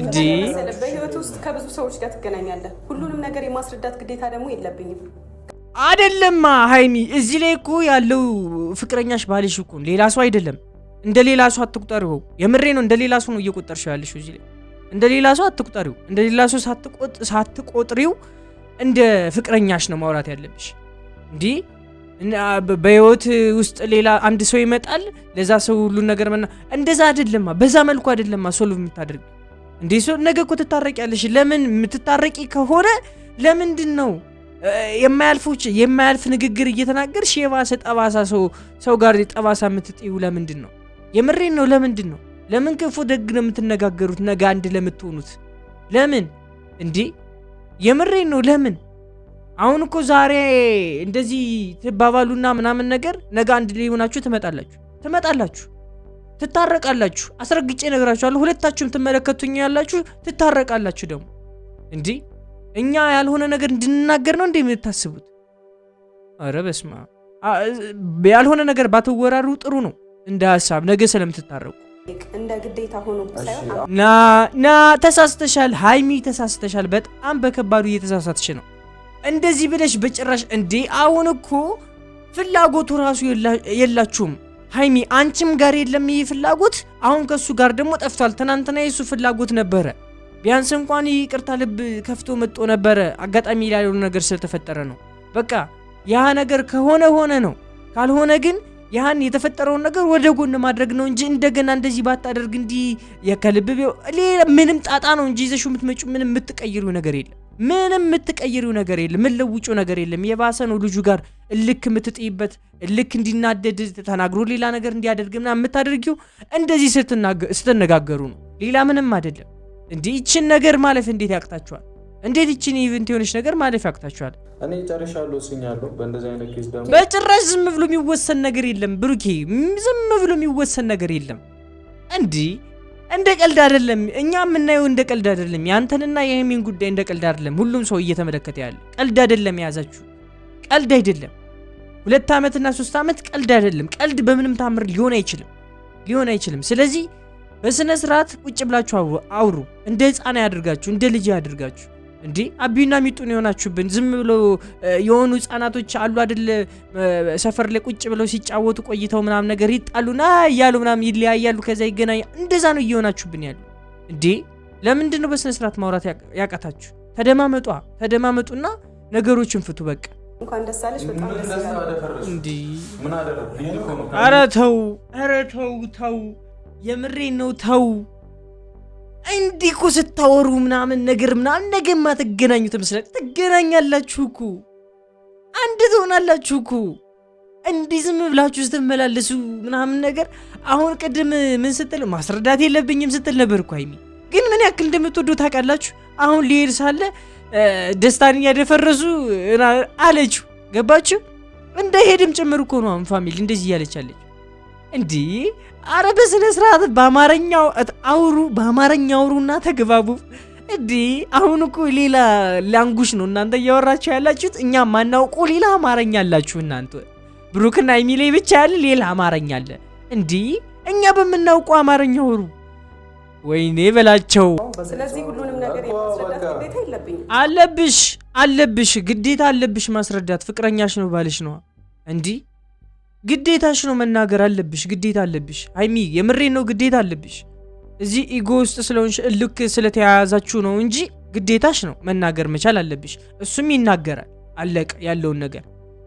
እንዲ በህይወት ውስጥ ከብዙ ሰዎች ጋር ትገናኛለህ። ሁሉንም ነገር የማስረዳት ግዴታ ደግሞ የለብኝም። አይደለማ ሀይሚ፣ እዚህ ላይ እኮ ያለው ፍቅረኛሽ ባልሽ እኮ ሌላ ሰው አይደለም። እንደ ሌላ ሰው አትቁጠሪው። የምሬ ነው። እንደ ሌላ ሰው ነው እየቆጠርሽው ያለሽው። እዚህ ላይ እንደ ሌላ ሰው አትቁጠሪው። እንደ ሌላ ሰው ሳትቆጥሪው እንደ ፍቅረኛሽ ነው ማውራት ያለብሽ እንዲህ በህይወት ውስጥ ሌላ አንድ ሰው ይመጣል። ለዛ ሰው ሁሉን ነገር መና እንደዛ አይደለማ፣ በዛ መልኩ አይደለማ ሶልቭ የምታደርግ እንዴ ሰው ነገ እኮ ትታረቂያለሽ። ለምን የምትታረቂ ከሆነ ለምንድን ነው የማያልፎች የማያልፍ ንግግር እየተናገርሽ የባሰ ጠባሳ ሰው ሰው ጋር ጠባሳ የምትጥዩ ለምንድን ነው? የምሬን ነው። ለምንድን ነው? ለምን ክፉ ደግ ነው የምትነጋገሩት? ነገ አንድ ለምትሆኑት ለምን እንዴ? የምሬን ነው። ለምን አሁን እኮ ዛሬ እንደዚህ ትባባሉና ምናምን ነገር ነገ አንድ ላይ ሆናችሁ ትመጣላችሁ ትመጣላችሁ ትታረቃላችሁ። አስረግጬ እነግራችኋለሁ። ሁለታችሁም ትመለከቱኝ ያላችሁ ትታረቃላችሁ። ደግሞ እንዲህ እኛ ያልሆነ ነገር እንድንናገር ነው እንደ የምታስቡት? አረ በስማ ያልሆነ ነገር ባትወራሩ ጥሩ ነው፣ እንደ ሀሳብ ነገ ስለምትታረቁ እንደ ግዴታ ሆኖ ና ና ተሳስተሻል፣ ሀይሚ ተሳስተሻል። በጣም በከባዱ እየተሳሳትሽ ነው። እንደዚህ ብለሽ በጭራሽ እንዴ! አሁን እኮ ፍላጎቱ ራሱ የላችሁም ሀይሚ፣ አንቺም ጋር የለም ይህ ፍላጎት። አሁን ከእሱ ጋር ደግሞ ጠፍቷል። ትናንትና የእሱ ፍላጎት ነበረ። ቢያንስ እንኳን ይቅርታ ልብ ከፍቶ መጥቶ ነበረ። አጋጣሚ ላልሆነ ነገር ስለተፈጠረ ነው። በቃ ያ ነገር ከሆነ ሆነ ነው፣ ካልሆነ ግን ያህን የተፈጠረውን ነገር ወደ ጎን ማድረግ ነው እንጂ እንደገና እንደዚህ ባታደርግ እንዲህ ከልብ ሌላ ምንም ጣጣ ነው እንጂ ይዘሽው የምትመጪው ምንም የምትቀይሩ ነገር የለም። ምንም የምትቀይሪው ነገር የለም። ምን ነገር የለም። የባሰ ነው ልጁ ጋር ልክ የምትጥይበት ልክ እንዲናደድ ተናግሮ ሌላ ነገር እንዲያደርግ ምናምን የምታደርጊው እንደዚህ ስትነጋገሩ ነው። ሌላ ምንም አይደለም። እንዲህ ይችን ነገር ማለፍ እንዴት ያቅታችኋል? እንዴት ይችን ኢቨንት የሆነች ነገር ማለፍ ያቅታችኋል? እኔ ጨርሻለሁ ስኛለሁ። በእንደዚህ አይነት ኬዝ ደግሞ በጭራሽ ዝም ብሎ የሚወሰን ነገር የለም ብሩኬ፣ ዝም ብሎ የሚወሰን ነገር የለም እንዲህ እንደ ቀልድ አይደለም። እኛ የምናየው እንደ ቀልድ አይደለም። ያንተንና የሀይሚን ጉዳይ እንደ ቀልድ አይደለም። ሁሉም ሰው እየተመለከተ ያለ ቀልድ አይደለም። የያዛችሁ ቀልድ አይደለም። ሁለት ዓመትና ሶስት ዓመት ቀልድ አይደለም። ቀልድ በምንም ታምር ሊሆን አይችልም፣ ሊሆን አይችልም። ስለዚህ በስነ ስርዓት ቁጭ ብላችሁ አውሩ። እንደ ህፃን ያደርጋችሁ፣ እንደ ልጅ ያደርጋችሁ። እንዲህ አቢዩና ሚጡን የሆናችሁብን ዝም ብሎ የሆኑ ህጻናቶች አሉ አደለ? ሰፈር ላይ ቁጭ ብለው ሲጫወቱ ቆይተው ምናምን ነገር ይጣሉና እያሉ ምናም ይለያያሉ፣ ከዛ ይገናኝ። እንደዛ ነው እየሆናችሁብን ያሉ። እንዴ ለምንድን ነው በስነ ስርዓት ማውራት ያቃታችሁ? ተደማመጧ፣ ተደማመጡና ነገሮችን ፍቱ። በቃ እንኳን ደስ አለሽ። በጣም ኧረ ተው፣ ኧረ ተው፣ ተው፣ የምሬ ነው። ተው እንዲህ እኮ ስታወሩ ምናምን ነገር ምናምን ነገማ አትገናኙትም። ስለ ትገናኛላችሁ እኮ አንድ ትሆናላችሁ እኮ እንዲህ ዝም ብላችሁ ስትመላለሱ ምናምን ነገር። አሁን ቅድም ምን ስትል ማስረዳት የለብኝም ስትል ነበር እኮ ሀይሚ። ግን ምን ያክል እንደምትወዱ ታውቃላችሁ። አሁን ሊሄድ ሳለ ደስታን እያደፈረሱ አለችው። ገባችሁ? እንደሄድም ጭምር እኮ ነው አሁን ፋሚሊ እንደዚህ እያለች አለች እንዲህ አረ በስነ ስርዓት በአማርኛው አውሩ፣ በአማርኛ አውሩና ተግባቡ። እንዲህ አሁን እኮ ሌላ ላንጉሽ ነው እናንተ እያወራችሁ ያላችሁት። እኛ ማናውቁ ሌላ አማርኛ አላችሁ እናንተ። ብሩክና የሚሌ ብቻ ያለ ሌላ አማርኛ አለ። እንዲህ እኛ በምናውቁ አማርኛ አውሩ። ወይኔ በላቸው። ስለዚህ ሁሉንም ነገር አለብሽ አለብሽ፣ ግዴታ አለብሽ ማስረዳት። ፍቅረኛሽ ነው ባልሽ ነው እንዲህ ግዴታሽ ነው መናገር አለብሽ። ግዴታ አለብሽ ሀይሚ፣ የምሬ ነው። ግዴታ አለብሽ። እዚህ ኢጎ ውስጥ ስለሆንሽ ልክ ስለተያያዛችሁ ነው እንጂ ግዴታሽ ነው መናገር መቻል አለብሽ። እሱም ይናገራል። አለቀ ያለውን ነገር።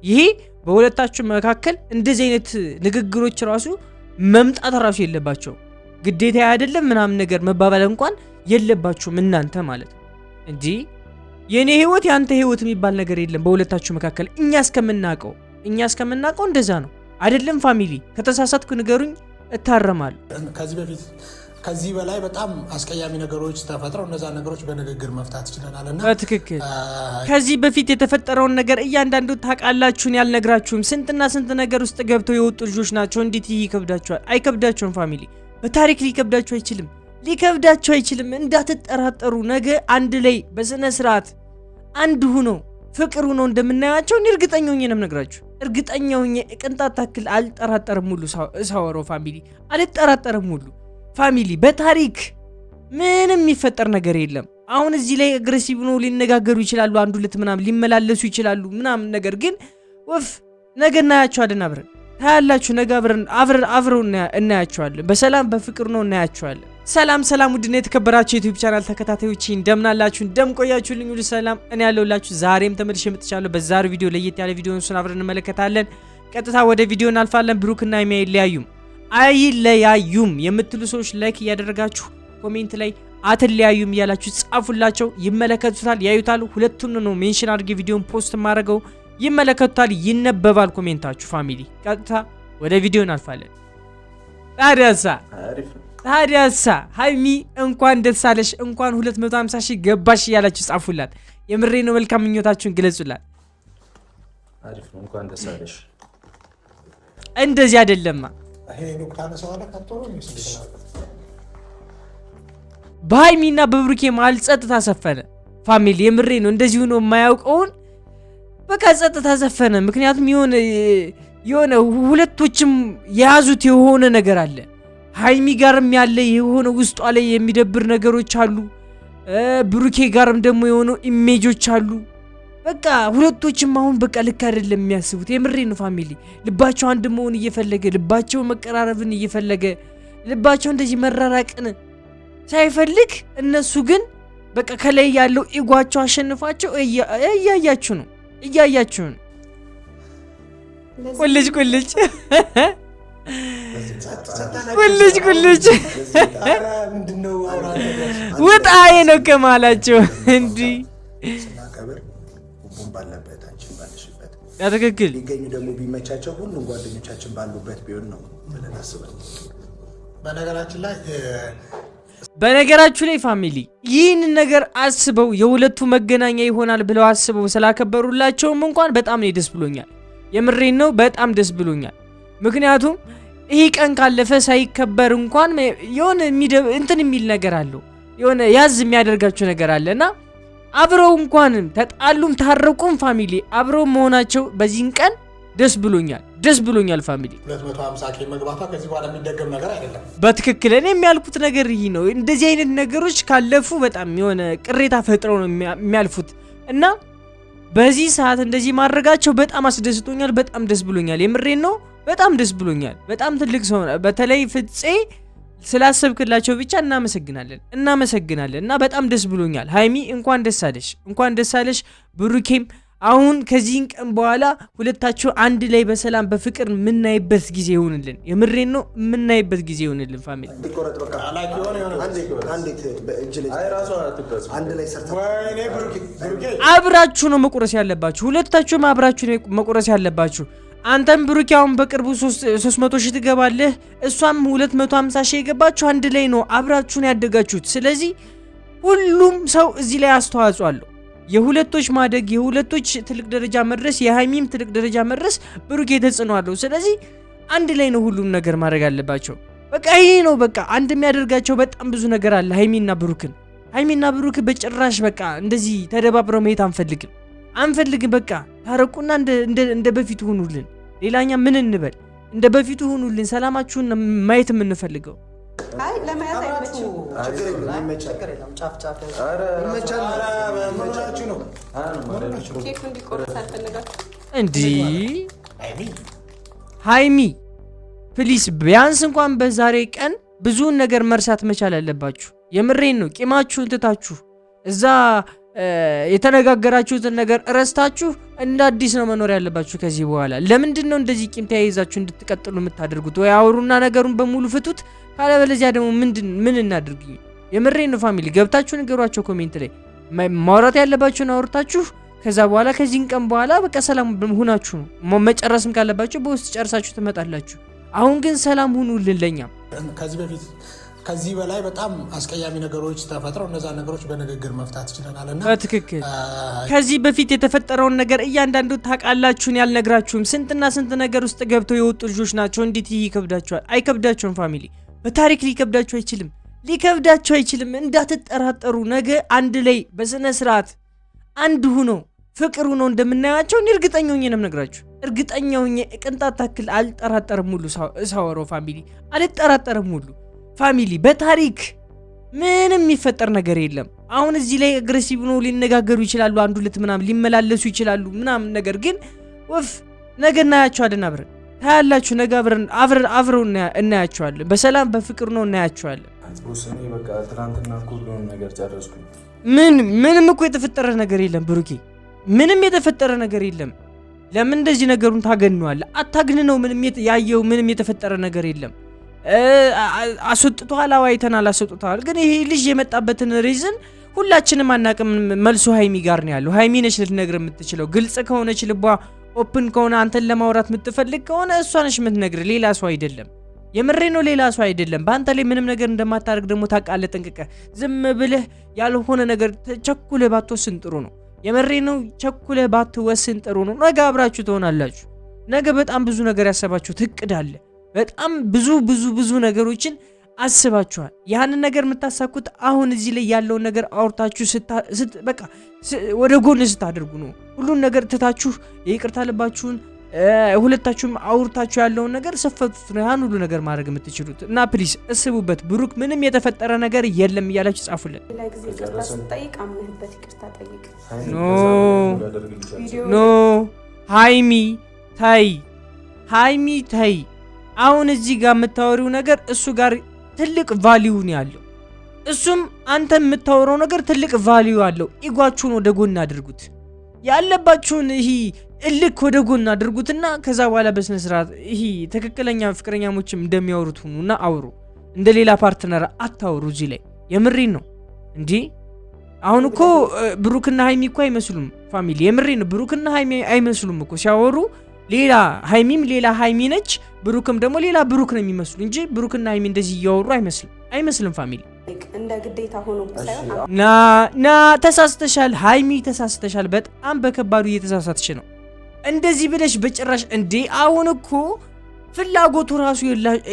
ይሄ በሁለታችሁ መካከል እንደዚህ አይነት ንግግሮች ራሱ መምጣት ራሱ የለባቸው። ግዴታ አይደለም ምናምን ነገር መባባል እንኳን የለባችሁም እናንተ ማለት ነው እንጂ የእኔ ህይወት የአንተ ህይወት የሚባል ነገር የለም በሁለታችሁ መካከል እኛ እስከምናውቀው እኛ እስከምናውቀው እንደዛ ነው። አይደለም ፋሚሊ፣ ከተሳሳትኩ ንገሩኝ፣ እታረማል። ከዚህ በፊት ከዚህ በላይ በጣም አስቀያሚ ነገሮች ተፈጥረው እነዛ ነገሮች በንግግር መፍታት ይችለናል በትክክል ከዚህ በፊት የተፈጠረውን ነገር እያንዳንዱ ታውቃላችሁን? ያልነግራችሁም ስንትና ስንት ነገር ውስጥ ገብተው የወጡ ልጆች ናቸው። እንዴት ይህ ይከብዳችኋል? አይከብዳቸውም ፋሚሊ፣ በታሪክ ሊከብዳቸው አይችልም፣ ሊከብዳቸው አይችልም። እንዳትጠራጠሩ። ነገ አንድ ላይ በስነ ስርዓት አንድ ሁኖ ፍቅር ሁኖ እንደምናያቸው እኔ እርግጠኛ ነኝ። ነግራችሁ እርግጠኛ ሁኜ ቅንጣት ታክል አልጠራጠርም። ሙሉ ሳወራው ፋሚሊ አልጠራጠርም። ሙሉ ፋሚሊ በታሪክ ምንም የሚፈጠር ነገር የለም። አሁን እዚህ ላይ አግሬሲቭ ነው ሊነጋገሩ ይችላሉ፣ አንዱ ሁለት ምናምን ሊመላለሱ ይችላሉ ምናምን። ነገር ግን ወፍ ነገ እናያቸዋለን፣ አብረን ታያላችሁ። ነገ አብረን አብረን እናያቸዋለን። በሰላም በፍቅር ነው እናያቸዋለን። ሰላም ሰላም ውድና የተከበራችሁ ዩቲዩብ ቻናል ተከታታዮች እንደምናላችሁ እንደምቆያችሁ ልኝ ሁሉ ሰላም እኔ ያለሁላችሁ ዛሬም ተመልሼ መጥቻለሁ። በዛሬው ቪዲዮ ለየት ያለ ቪዲዮ እሱን አብረን እንመለከታለን። ቀጥታ ወደ ቪዲዮ እናልፋለን። ብሩክና ሀይሚ አይለያዩም አይለያዩም የምትሉ ሰዎች ላይክ እያደረጋችሁ ኮሜንት ላይ አትለያዩም እያላችሁ ጻፉላቸው። ይመለከቱታል፣ ያዩታል። ሁለቱም ነው ሜንሽን አድርጌ ቪዲዮን ፖስት ማድረገው ይመለከቱታል፣ ይነበባል ኮሜንታችሁ ፋሚሊ። ቀጥታ ወደ ቪዲዮ እናልፋለን። ታዲያሳ ታዲያሳ ሀይሚ እንኳን ደስ አለሽ እንኳን 250 ሺህ ገባሽ እያላችሁ ጻፉላት። የምሬ ነው። መልካም ምኞታችሁን ግለጹላት። እንደዚህ አይደለማ በሀይሚና በብሩኬ መሀል ጸጥታ ሰፈነ። ፋሚሊ የምሬ ነው። እንደዚህ ሆኖ የማያውቀውን በቃ ጸጥታ ሰፈነ። ምክንያቱም የሆነ ሁለቶችም የያዙት የሆነ ነገር አለ ሀይሚ ጋርም ያለ የሆነ ውስጧ ላይ የሚደብር ነገሮች አሉ። ብሩኬ ጋርም ደግሞ የሆኑ ኢሜጆች አሉ። በቃ ሁለቶችም አሁን በቃ ልክ አይደለም የሚያስቡት። የምሬ ነው ፋሚሊ። ልባቸው አንድ መሆን እየፈለገ ልባቸው መቀራረብን እየፈለገ ልባቸው እንደዚህ መራራቅን ሳይፈልግ እነሱ ግን በቃ ከላይ ያለው ኢጓቸው አሸንፏቸው እያያችሁ ነው እያያችሁ ነው። ቁልጭ ቁልጭ ጉልጅ ጉልጅ ውጣ ነው ከማላቸው እንዲ ትክክል ሊገኙ ደግሞ ቢመቻቸው ሁሉም ጓደኞቻችን ባሉበት ቢሆን ነው ብለን አስበን በነገራችን ላይ በነገራችሁ ላይ ፋሚሊ ይህንን ነገር አስበው የሁለቱ መገናኛ ይሆናል ብለው አስበው ስላከበሩላቸውም እንኳን በጣም ነው ደስ ብሎኛል። የምሬን ነው፣ በጣም ደስ ብሎኛል። ምክንያቱም ይሄ ቀን ካለፈ ሳይከበር እንኳን የሆነ እንትን የሚል ነገር አለው፣ የሆነ ያዝ የሚያደርጋቸው ነገር አለ እና አብረው እንኳንም ተጣሉም ታረቁም ፋሚሊ አብረው መሆናቸው በዚህን ቀን ደስ ብሎኛል፣ ደስ ብሎኛል ፋሚሊ። በትክክል እኔ የሚያልኩት ነገር ይህ ነው። እንደዚህ አይነት ነገሮች ካለፉ በጣም የሆነ ቅሬታ ፈጥረው ነው የሚያልፉት እና በዚህ ሰዓት እንደዚህ ማድረጋቸው በጣም አስደስቶኛል። በጣም ደስ ብሎኛል። የምሬን ነው። በጣም ደስ ብሎኛል። በጣም ትልቅ ሰው በተለይ ፍፄ ስላሰብክላቸው ብቻ እናመሰግናለን እናመሰግናለን እና በጣም ደስ ብሎኛል። ሀይሚ እንኳን ደስ አለሽ፣ እንኳን ደስ አለሽ ብሩኬም አሁን ከዚህን ቀን በኋላ ሁለታቸው አንድ ላይ በሰላም በፍቅር የምናይበት ጊዜ ይሆንልን። የምሬን ነው፣ የምናይበት ጊዜ ይሆንልን። ፋሚሊ አብራችሁ ነው መቁረስ ያለባችሁ። ሁለታችሁም አብራችሁ ነው መቁረስ ያለባችሁ። አንተም ብሩኪ አሁን በቅርቡ 300 ሺህ ትገባለህ፣ እሷም 250 ሺህ የገባችሁ አንድ ላይ ነው፣ አብራችሁን ያደጋችሁት። ስለዚህ ሁሉም ሰው እዚህ ላይ አስተዋጽኦ አለው። የሁለቶች ማደግ የሁለቶች ትልቅ ደረጃ መድረስ የሀይሚም ትልቅ ደረጃ መድረስ ብሩኬ ተጽዕኖ አለው። ስለዚህ አንድ ላይ ነው ሁሉም ነገር ማድረግ አለባቸው። በቃ ይሄ ነው በቃ አንድ የሚያደርጋቸው በጣም ብዙ ነገር አለ። ሀይሚና ብሩክን ሀይሚና ብሩክ በጭራሽ በቃ እንደዚህ ተደባብረው መሄድ አንፈልግም አንፈልግም። በቃ ታረቁና እንደ በፊቱ ሁኑልን። ሌላኛ ምን እንበል? እንደ በፊቱ ሁኑልን። ሰላማችሁን ማየት የምንፈልገው እንዲህ ሀይሚ ፕሊስ ቢያንስ እንኳን በዛሬ ቀን ብዙውን ነገር መርሳት መቻል አለባችሁ። የምሬን ነው። ቂማችሁን ትታችሁ እዛ የተነጋገራችሁትን ነገር እረስታችሁ እንደ አዲስ ነው መኖር ያለባችሁ ከዚህ በኋላ። ለምንድን ነው እንደዚህ ቂም ተያይዛችሁ እንድትቀጥሉ የምታደርጉት? ወይ አውሩና ነገሩን በሙሉ ፍቱት። ካለበለዚያ ደግሞ ምንድን ምን እናድርግ? የምሬን ነው ፋሚሊ፣ ገብታችሁ ንገሯቸው ኮሜንት ላይ ማውራት ያለባችሁን አውርታችሁ ከዛ በኋላ ከዚህን ቀን በኋላ በቃ ሰላም ሁናችሁ ነው መጨረስም ካለባችሁ በውስጥ ጨርሳችሁ ትመጣላችሁ። አሁን ግን ሰላም ሁኑልን ለኛም ከዚህ በፊት ከዚህ በላይ በጣም አስቀያሚ ነገሮች ተፈጥረው እነዛ ነገሮች በንግግር መፍታት ችለናል እና በትክክል ከዚህ በፊት የተፈጠረውን ነገር እያንዳንዱ ታውቃላችሁን ያልነግራችሁም ስንትና ስንት ነገር ውስጥ ገብተው የወጡ ልጆች ናቸው። እንዴት ይህ ይከብዳቸዋል? አይከብዳቸውም። ፋሚሊ በታሪክ ሊከብዳቸው አይችልም። ሊከብዳቸው አይችልም። እንዳትጠራጠሩ። ነገ አንድ ላይ በስነ ስርዓት አንድ ሁኖ ፍቅር ሁኖ እንደምናያቸው እኔ እርግጠኛ ሆኜ ነው የምነግራችሁ። እርግጠኛ ሆኜ ቅንጣት ታክል አልጠራጠርም። ሁሉ ሳወረው ፋሚሊ አልጠራጠርም ሁሉ ፋሚሊ በታሪክ ምንም የሚፈጠር ነገር የለም። አሁን እዚህ ላይ አግሬሲቭ ነው ሊነጋገሩ ይችላሉ፣ አንድ ሁለት ምናምን ሊመላለሱ ይችላሉ ምናምን። ነገር ግን ወፍ ነገ እናያቸዋለን፣ አብረን ታያላችሁ። ነገ አብረን አብረው እናያቸዋለን። በሰላም በፍቅር ነው እናያቸዋለን። ምን ምንም እኮ የተፈጠረ ነገር የለም ብሩኬ፣ ምንም የተፈጠረ ነገር የለም። ለምን እንደዚህ ነገሩን ታገነዋለህ? አታግን ነው ምንም ያየው ምንም የተፈጠረ ነገር የለም። አስወጥቷል። አዋይተናል አይተናል፣ አስወጥቷል። ግን ይሄ ልጅ የመጣበትን ሪዝን ሁላችንም አናቅም። መልሱ ሀይሚ ጋር ነው ያለው። ሀይሚ ነች ልትነግር የምትችለው። ግልጽ ከሆነች ልቧ ኦፕን ከሆነ አንተን ለማውራት የምትፈልግ ከሆነ እሷ ነች የምትነግር፣ ሌላ ሰው አይደለም። የምሬ ነው፣ ሌላ ሰው አይደለም። በአንተ ላይ ምንም ነገር እንደማታደርግ ደግሞ ታውቃለህ ጠንቅቀህ። ዝም ብለህ ያልሆነ ነገር ቸኩለህ ባትወስን ጥሩ ነው። የምሬ ነው፣ ቸኩለህ ባትወስን ጥሩ ነው። ነገ አብራችሁ ትሆናላችሁ። ነገ በጣም ብዙ ነገር ያሰባችሁት እቅድ አለ። በጣም ብዙ ብዙ ብዙ ነገሮችን አስባችኋል። ያንን ነገር የምታሳኩት አሁን እዚህ ላይ ያለውን ነገር አውርታችሁ በቃ ወደ ጎን ስታደርጉ ነው። ሁሉን ነገር ትታችሁ ይቅርታ ልባችሁን ሁለታችሁም አውርታችሁ ያለውን ነገር ስፈቱት ነው ያን ሁሉ ነገር ማድረግ የምትችሉት። እና ፕሊስ እስቡበት። ብሩክ ምንም የተፈጠረ ነገር የለም እያላችሁ ጻፉልን። ኖ ኖ፣ ሃይሚ ተይ፣ ሀይሚ ተይ ሀይሚ ተይ አሁን እዚህ ጋር የምታወሪው ነገር እሱ ጋር ትልቅ ቫሊዩን ያለው እሱም አንተ የምታወራው ነገር ትልቅ ቫሊዩ አለው። ኢጓችሁን ወደ ጎን አድርጉት። ያለባችሁን ይህ እልክ ወደ ጎን አድርጉትና ከዛ በኋላ በስነ ስርዓት ይህ ትክክለኛ ፍቅረኛሞችም እንደሚያወሩት ሁኑና አውሩ። እንደ ሌላ ፓርትነር አታውሩ። እዚህ ላይ የምሬን ነው እንጂ አሁን እኮ ብሩክና ሀይሚ እኮ አይመስሉም ፋሚሊ። የምሬን ነው ብሩክና ሀይሚ አይመስሉም እኮ ሲያወሩ ሌላ ሀይሚም ሌላ ሀይሚ ነች፣ ብሩክም ደግሞ ሌላ ብሩክ ነው የሚመስሉ እንጂ ብሩክና ሀይሚ እንደዚህ እያወሩ አይመስልም አይመስልም። ፋሚሊ እንደ ግዴታ ሆኖ ና ና ተሳስተሻል፣ ሀይሚ ተሳስተሻል። በጣም በከባዱ እየተሳሳትሽ ነው። እንደዚህ ብለሽ በጭራሽ እንዴ! አሁን እኮ ፍላጎቱ ራሱ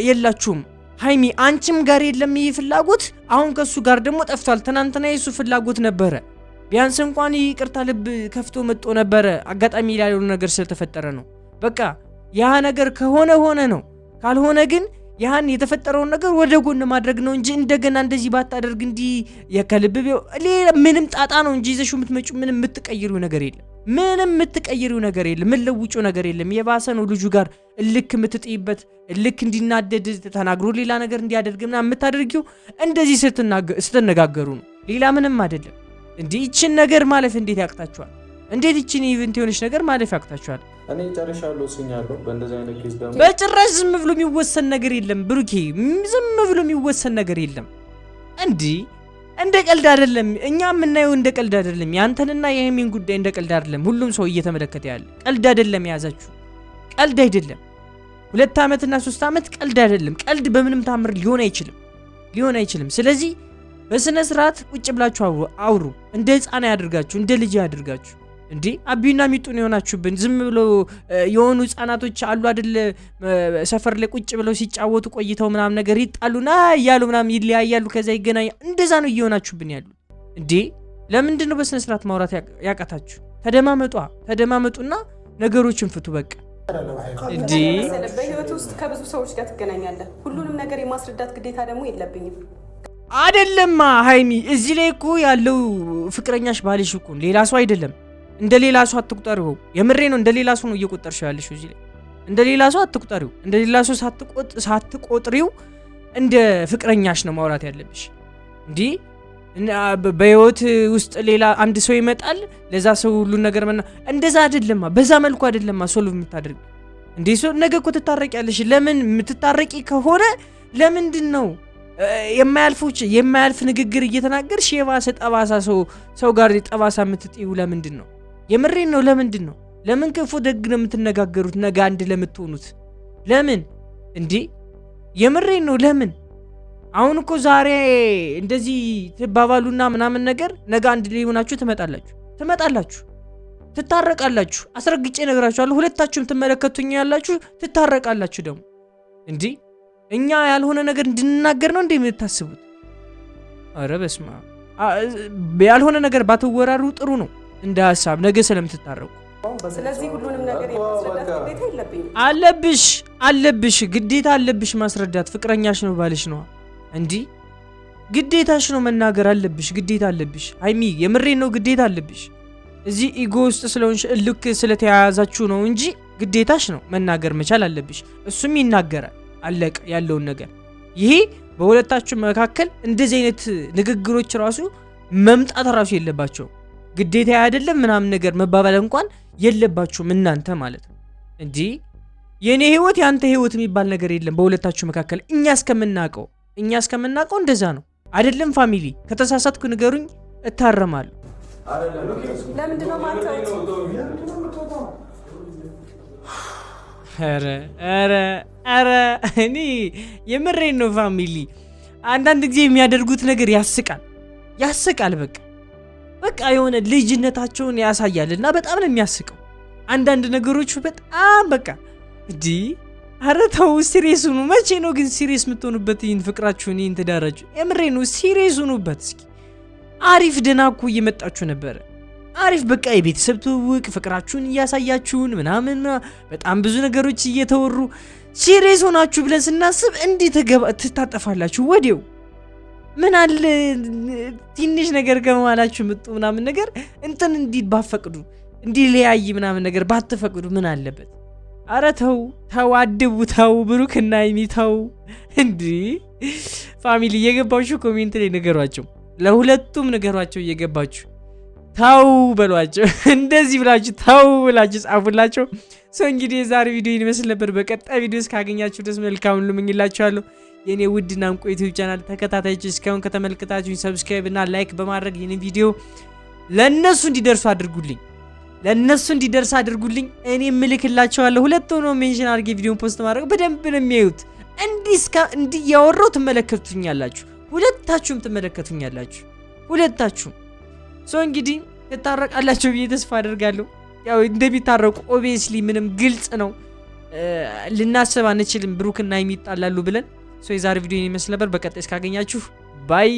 የላችሁም ሀይሚ አንቺም ጋር የለም ይህ ፍላጎት። አሁን ከእሱ ጋር ደግሞ ጠፍቷል። ትናንትና የእሱ ፍላጎት ነበረ። ቢያንስ እንኳን ይቅርታ ልብ ከፍቶ መጦ ነበረ። አጋጣሚ ላለው ነገር ስለተፈጠረ ነው። በቃ ያ ነገር ከሆነ ሆነ ነው፣ ካልሆነ ግን ያን የተፈጠረውን ነገር ወደ ጎን ማድረግ ነው እንጂ እንደገና እንደዚህ ባታደርግ እንዲህ የከልብ ሌላ ምንም ጣጣ ነው እንጂ ይዘሽ የምትመጪ ምንም የምትቀይሪው ነገር የለም። ምንም የምትቀይሪው ነገር የለም። ምን ነገር የለም። የባሰ ነው ልጁ ጋር እልክ የምትጥይበት እልክ እንዲናደድ ተናግሮ ሌላ ነገር እንዲያደርግ ምናምን የምታደርጊው እንደዚህ ስትነጋገሩ ነው። ሌላ ምንም አይደለም። እንዲህ ይችን ነገር ማለፍ እንዴት ያቅታችኋል? እንዴት ይችን ኢቨንት የሆነች ነገር ማለፍ ያቅታችኋል? እኔ ጨርሻለሁ፣ ስኛለሁ። በእንደዚህ አይነት ኬዝ ደግሞ በጭራሽ ዝም ብሎ የሚወሰን ነገር የለም ብሩኬ፣ ዝም ብሎ የሚወሰን ነገር የለም። እንዲህ እንደ ቀልድ አይደለም፣ እኛ የምናየው እንደ ቀልድ አይደለም። ያንተንና የሀይሚን ጉዳይ እንደ ቀልድ አይደለም። ሁሉም ሰው እየተመለከተ ያለ ቀልድ አይደለም። የያዛችሁ ቀልድ አይደለም። ሁለት ዓመትና ሶስት ዓመት ቀልድ አይደለም። ቀልድ በምንም ታምር ሊሆን አይችልም፣ ሊሆን አይችልም። ስለዚህ በስነ ስርዓት ቁጭ ብላችሁ አውሩ። እንደ ህፃና ያደርጋችሁ፣ እንደ ልጅ ያደርጋችሁ። እንዴ አቢዩና ሚጡን የሆናችሁብን ዝም ብሎ የሆኑ ህጻናቶች አሉ አደለ? ሰፈር ላይ ቁጭ ብለው ሲጫወቱ ቆይተው ምናምን ነገር ይጣሉና እያሉ ምናምን ይለያያሉ፣ ከዛ ይገናኝ እንደዛ ነው እየሆናችሁብን ያሉ። እንዴ ለምንድን ነው በስነ ስርዓት ማውራት ያቃታችሁ? ተደማመጧ፣ ተደማመጡና ነገሮችን ፍቱ በቃ። እንዴ በህይወት ውስጥ ከብዙ ሰዎች ጋር ትገናኛለህ። ሁሉንም ነገር የማስረዳት ግዴታ ደግሞ የለብኝም። አደለማ ሀይሚ፣ እዚህ ላይ እኮ ያለው ፍቅረኛሽ ባልሽ እኮ ሌላ ሰው አይደለም። እንደ ሌላ ሰው አትቁጠሪው። የምሬ ነው። እንደ ሌላ ሰው ነው እየቆጠርሽው ያለሽው እዚህ ላይ። እንደ ሌላ ሰው አትቁጠሪው። እንደ ሌላ ሰው ሳትቆጥሪው እንደ ፍቅረኛሽ ነው ማውራት ያለብሽ። እንዲህ በህይወት ውስጥ ሌላ አንድ ሰው ይመጣል፣ ለዛ ሰው ሁሉን ነገር መና እንደዛ አይደለማ። በዛ መልኩ አይደለማ ሶልቭ የምታደርግ እንዴ። ሰው ነገ እኮ ትታረቂያለሽ። ለምን የምትታረቂ ከሆነ ለምንድን ነው የማያልፎች የማያልፍ ንግግር እየተናገርሽ የባሰ ጠባሳ ሰው ሰው ጋር ጠባሳ የምትጥዩ ለምንድን ነው? የምሬን ነው። ለምንድን ነው ለምን ክፉ ደግ ነው የምትነጋገሩት? ነገ አንድ ለምትሆኑት ለምን እንዴ? የምሬን ነው ለምን? አሁን እኮ ዛሬ እንደዚህ ትባባሉና ምናምን ነገር ነገ አንድ ላይ ሆናችሁ ትመጣላችሁ ትመጣላችሁ ትታረቃላችሁ። አስረግጬ አለ ሁለታችሁም ትመለከቱኝ ያላችሁ ትታረቃላችሁ። ደግሞ እንዲህ እኛ ያልሆነ ነገር እንድንናገር ነው እንዴ የምታስቡት? አረ በስማ ያልሆነ ነገር ባትወራሩ ጥሩ ነው። እንደ ሀሳብ ነገ ስለምትታረቁ ስለዚህ ሁሉንም ነገር አለብሽ አለብሽ ግዴታ አለብሽ ማስረዳት። ፍቅረኛሽ ነው ባልሽ ነው እንዲህ ግዴታሽ ነው መናገር አለብሽ። ግዴታ አለብሽ ሀይሚ፣ የምሬ ነው። ግዴታ አለብሽ። እዚህ ኢጎ ውስጥ ስለሆንሽ ልክ ስለተያያዛችሁ ነው እንጂ ግዴታሽ ነው መናገር መቻል አለብሽ። እሱም ይናገራል። አለቅ ያለውን ነገር። ይሄ በሁለታችሁ መካከል እንደዚህ አይነት ንግግሮች ራሱ መምጣት ራሱ የለባቸው። ግዴታ አይደለም ምናምን ነገር መባባል እንኳን የለባችሁም እናንተ ማለት ነው እንጂ የእኔ ህይወት የአንተ ህይወት የሚባል ነገር የለም በሁለታችሁ መካከል። እኛ እስከምናውቀው እኛ እስከምናውቀው እንደዛ ነው አይደለም። ፋሚሊ ከተሳሳትኩ ንገሩኝ፣ እታረማለሁ። ረረረ እኔ የምሬን ነው ፋሚሊ። አንዳንድ ጊዜ የሚያደርጉት ነገር ያስቃል ያስቃል በቃ በቃ የሆነ ልጅነታቸውን ያሳያል እና በጣም ነው የሚያስቀው። አንዳንድ ነገሮቹ በጣም በቃ እዲ ኧረ ተው ሲሪየስ ሁኑ። መቼ ነው ግን ሲሪየስ የምትሆኑበት? ይህን ፍቅራችሁን፣ ይህን ትዳራችሁ የምሬ ነው። ሲሪየስ ሁኑበት እስኪ። አሪፍ ደህና እኮ እየመጣችሁ ነበረ። አሪፍ በቃ የቤተሰብ ትውውቅ ፍቅራችሁን እያሳያችሁን ምናምን በጣም ብዙ ነገሮች እየተወሩ ሲሪየስ ሆናችሁ ብለን ስናስብ እንዲህ ትታጠፋላችሁ ወዲው ምን አለ ትንሽ ነገር ከመዋላችሁ ምጡ ምናምን ነገር እንትን እንዲ ባፈቅዱ እንዲለያይ ምናምን ነገር ባትፈቅዱ ምን አለበት? አረ ተው ተው፣ አድቡ ተው፣ ብሩክና ሀይሚ ተው። እንዲ ፋሚሊ እየገባችሁ ኮሜንት ላይ ነገሯቸው፣ ለሁለቱም ነገሯቸው እየገባችሁ ተው በሏቸው። እንደዚህ ብላችሁ ተው ብላችሁ ጻፉላቸው። ሰው እንግዲህ የዛሬ ቪዲዮ ይመስል ነበር። በቀጣይ ቪዲዮ እስካገኛችሁ ድረስ መልካም ሁሉ የኔ ውድ ናንቆ ዩቲዩብ ቻናል ተከታታዮች እስካሁን ከተመለከታችሁኝ ሰብስክራይብ እና ላይክ በማድረግ ይህን ቪዲዮ ለእነሱ እንዲደርሱ አድርጉልኝ ለእነሱ እንዲደርስ አድርጉልኝ። እኔ ምልክላቸዋለሁ። ሁለት ሆኖ ሜንሽን አድርጌ ቪዲዮን ፖስት ማድረግ በደንብ ነው የሚያዩት። እንዲህ እስካ ትመለከቱኛላችሁ። ሁለታችሁም ትመለከቱኛላችሁ። ሁለታችሁም ሶ እንግዲህ ትታረቃላችሁ ብዬ ተስፋ አደርጋለሁ። ያው እንደሚታረቁ ኦቪየስሊ ምንም ግልጽ ነው። ልናስብ አንችልም ብሩክና ሀይሚ ይጣላሉ ብለን ሶ የዛሬ ቪዲዮ ይመስል ነበር። በቀጣይ እስካገኛችሁ ባይ